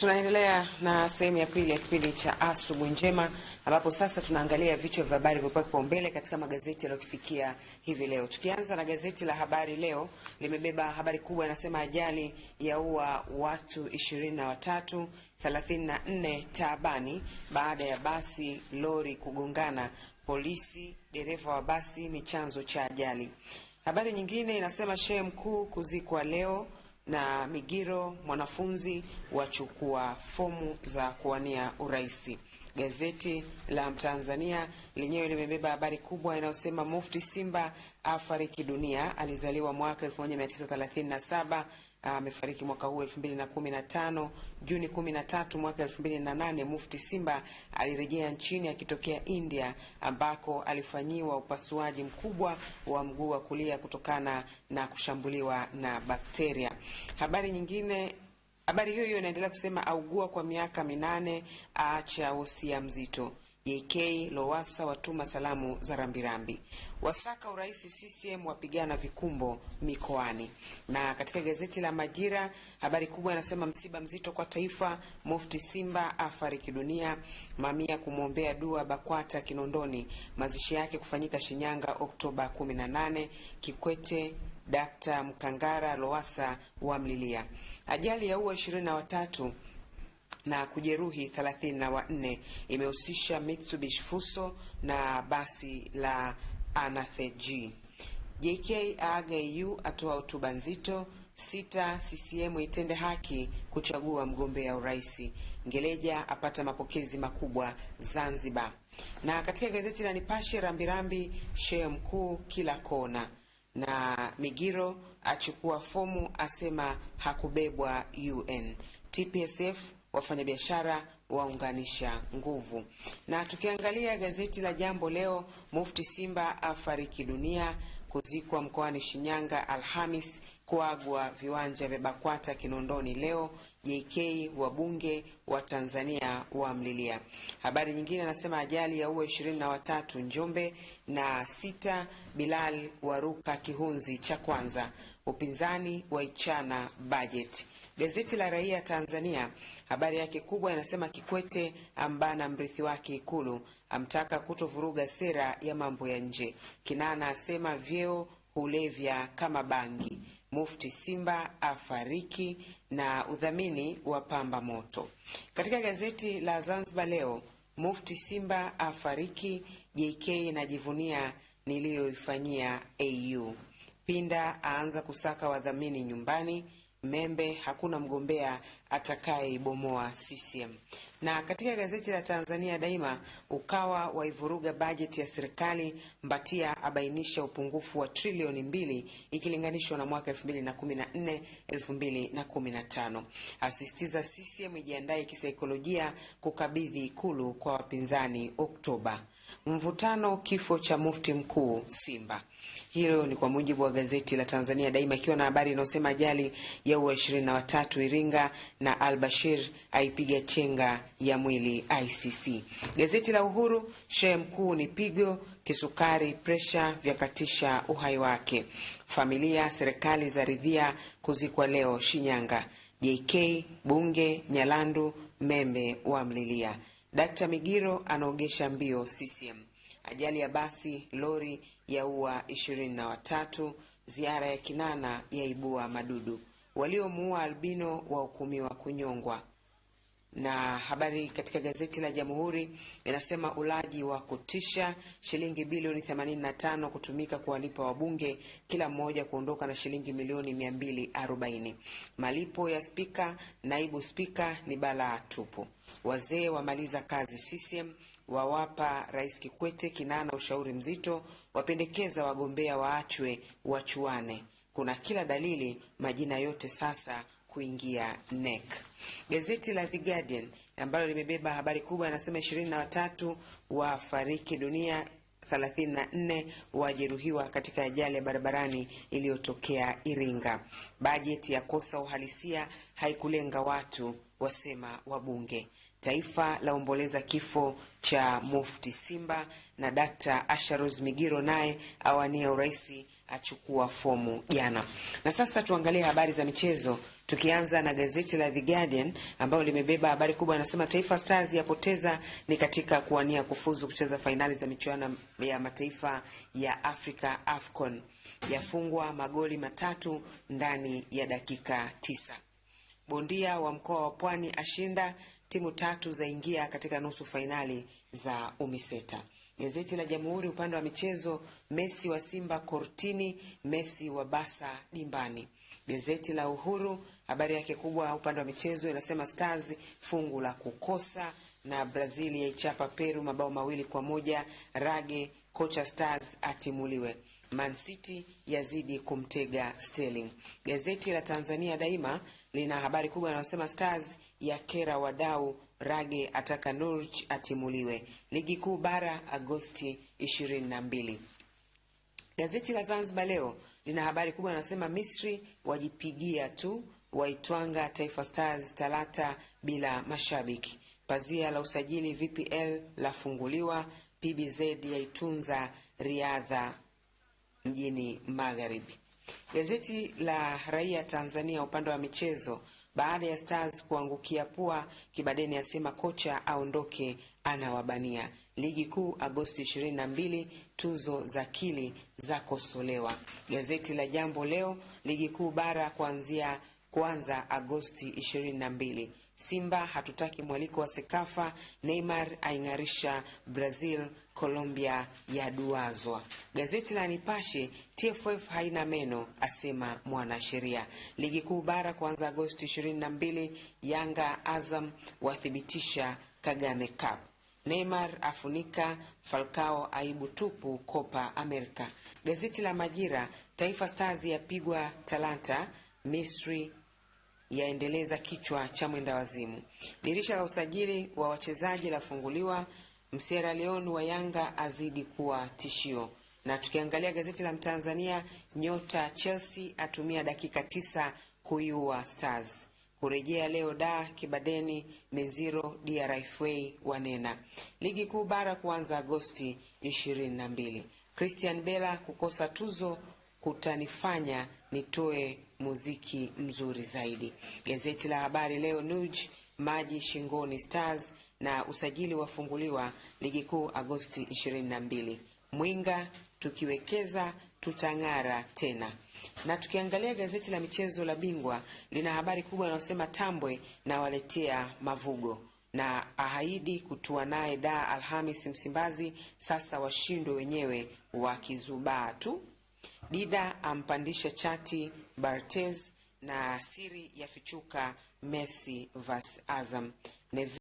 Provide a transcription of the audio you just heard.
Tunaendelea na sehemu ya pili ya kipindi cha Asubuhi Njema, ambapo sasa tunaangalia vichwa vya habari vilivyopewa kipaumbele katika magazeti yaliyotufikia hivi leo, tukianza na gazeti la Habari Leo. Limebeba habari kubwa inasema, ajali yaua watu ishirini na watatu 34 taabani baada ya basi lori kugongana, polisi dereva wa basi ni chanzo cha ajali. Habari nyingine inasema shehe mkuu kuzikwa leo na Migiro mwanafunzi wachukua fomu za kuwania urais. Gazeti la Mtanzania lenyewe limebeba habari kubwa inayosema Mufti Simba afariki dunia. Alizaliwa mwaka 1937 Ah, amefariki mwaka huu na kumi tano Juni kumi tatu mwaka nane Mufti Simba alirejea nchini akitokea India ambako alifanyiwa upasuaji mkubwa wa mguu wa kulia kutokana na kushambuliwa na bakteria. Habari nyingine Habari hiyo hiyo inaendelea kusema augua kwa miaka minane, aacha wosia mzito. JK e Lowasa watuma salamu za rambirambi, wasaka urais CCM wapigana vikumbo mikoani. Na katika gazeti la Majira habari kubwa inasema msiba mzito kwa taifa, Mufti Simba afariki dunia, mamia kumwombea dua BAKWATA Kinondoni, mazishi yake kufanyika Shinyanga Oktoba 18. Kikwete Dkt. Mkangara Lowasa wamlilia. Ajali ya ua ishirini na watatu na kujeruhi 34 imehusisha Mitsubishi Fuso na basi la Anathej. JK AGU atoa hotuba nzito. Sita, CCM itende haki kuchagua mgombea urais. Ngeleja apata mapokezi makubwa Zanzibar. Na katika gazeti la Nipashe, rambirambi shehe mkuu kila kona, na Migiro achukua fomu asema hakubebwa UN. TPSF wafanyabiashara waunganisha nguvu. Na tukiangalia gazeti la Jambo Leo, Mufti Simba afariki dunia, kuzikwa mkoani Shinyanga Alhamis, kuagwa viwanja vya BAKWATA Kinondoni leo, JK wabunge wa Tanzania wamlilia. Habari nyingine anasema ajali ya ua ishirini na watatu Njombe na sita Bilal waruka kihunzi cha kwanza, upinzani waichana bajeti Gazeti la Raia Tanzania habari yake kubwa inasema Kikwete ambana mrithi wake Ikulu, amtaka kutovuruga sera ya mambo ya nje. Kinana asema vyeo hulevya kama bangi. Mufti Simba afariki na udhamini wa pamba moto. Katika gazeti la Zanzibar Leo, Mufti Simba afariki, JK inajivunia niliyoifanyia AU. Pinda aanza kusaka wadhamini nyumbani. Membe hakuna mgombea atakayeibomoa CCM. Na katika gazeti la Tanzania Daima, Ukawa waivuruga bajeti ya serikali, Mbatia abainisha upungufu wa trilioni mbili ikilinganishwa na mwaka 2014 2015, asisitiza CCM ijiandae kisaikolojia kukabidhi Ikulu kwa wapinzani Oktoba. Mvutano kifo cha mufti mkuu Simba. Hilo ni kwa mujibu wa gazeti la Tanzania Daima, ikiwa na habari inayosema ajali ya ua ishirini na watatu Iringa na Al Bashir aipiga chenga ya mwili ICC. Gazeti la Uhuru, shehe mkuu ni pigo, kisukari, presha vyakatisha uhai wake. Familia, serikali zaridhia kuzikwa leo Shinyanga. JK, Bunge, Nyalandu, Membe wamlilia Dkt. Migiro anaogesha mbio CCM. Ajali ya basi lori ua ishirini na watatu. Ziara ya Kinana yaibua madudu. Waliomuua albino wahukumiwa kunyongwa na habari katika gazeti la Jamhuri inasema ulaji wa kutisha, shilingi bilioni 85 kutumika kuwalipa wabunge, kila mmoja kuondoka na shilingi milioni 240. Malipo ya spika, naibu spika ni balaa tupu. Wazee wamaliza kazi CCM, wawapa Rais Kikwete Kinana ushauri mzito, wapendekeza wagombea waachwe wachuane. Kuna kila dalili, majina yote sasa kuingia NEC. Gazeti la The Guardian ambalo limebeba habari kubwa anasema ishirini na watatu wafariki dunia 34 wajeruhiwa katika ajali ya barabarani iliyotokea Iringa. Bajeti ya kosa uhalisia haikulenga watu wasema wabunge. Taifa laomboleza kifo cha Mufti Simba na Dakta Asharos Migiro naye awania uraisi achukua fomu jana. Na sasa tuangalie habari za michezo tukianza na gazeti la The Guardian ambayo limebeba habari kubwa, anasema Taifa Stars yapoteza ni katika kuwania kufuzu kucheza fainali za michuano ya mataifa ya Afrika AFCON, yafungwa magoli matatu ndani ya dakika tisa bondia wa mkoa wa Pwani ashinda, timu tatu zaingia katika nusu fainali za UMISETA. Gazeti la Jamhuri upande wa michezo, Messi wa Simba kortini, Messi wa Basa dimbani. Gazeti la Uhuru habari yake kubwa upande wa michezo inasema Stars fungu la kukosa na Brazil yaichapa Peru mabao mawili kwa moja. Rage kocha Stars atimuliwe. Man City yazidi kumtega Sterling. Gazeti la Tanzania Daima lina habari kubwa inayosema Stars ya kera wadau, Rage ataka Norwich atimuliwe. Ligi Kuu Bara Agosti 22. Gazeti la Zanzibar Leo lina habari kubwa inayosema Misri wajipigia tu, waitwanga Taifa Stars talata bila mashabiki. Pazia la usajili VPL lafunguliwa, PBZ yaitunza riadha mjini Magharibi. Gazeti la Raia Tanzania upande wa michezo, baada ya Stars kuangukia pua, Kibadeni asema kocha aondoke, anawabania Ligi Kuu Agosti 22, tuzo za kili zakosolewa. Gazeti la Jambo Leo, Ligi Kuu Bara kuanzia kuanza Agosti 22. Simba hatutaki mwaliko wa Sekafa. Neymar aing'arisha Brazil, Colombia ya duazwa. Gazeti la Nipashe, TFF haina meno asema mwanasheria. Ligi kuu bara kuanza Agosti 22, Yanga Azam wathibitisha Kagame Cup. Neymar afunika Falcao aibu tupu Copa America. Gazeti la Majira, Taifa Stars yapigwa Talanta Misri yaendeleza kichwa cha mwenda wazimu. Dirisha la usajili wa wachezaji lafunguliwa. Msierra Leon wa Yanga azidi kuwa tishio. Na tukiangalia gazeti la Mtanzania, nyota Chelsea atumia dakika tisa kuiua Stars, kurejea leo da Kibadeni, Menziro DRFA wanena. Ligi kuu bara kuanza Agosti 22. Christian Bella kukosa tuzo kutanifanya nitoe muziki mzuri zaidi. Gazeti la habari leo Nuj, maji shingoni Stars na usajili wafunguliwa ligi kuu Agosti 22. Mwinga, tukiwekeza tutang'ara tena. Na tukiangalia gazeti la michezo la Bingwa lina habari kubwa inayosema Tambwe na waletea mavugo na ahaidi kutua naye da Alhamis Msimbazi, sasa washindwe wenyewe wakizubaa tu. Dida ampandisha chati Barthez na siri ya fichuka Messi vs Azam.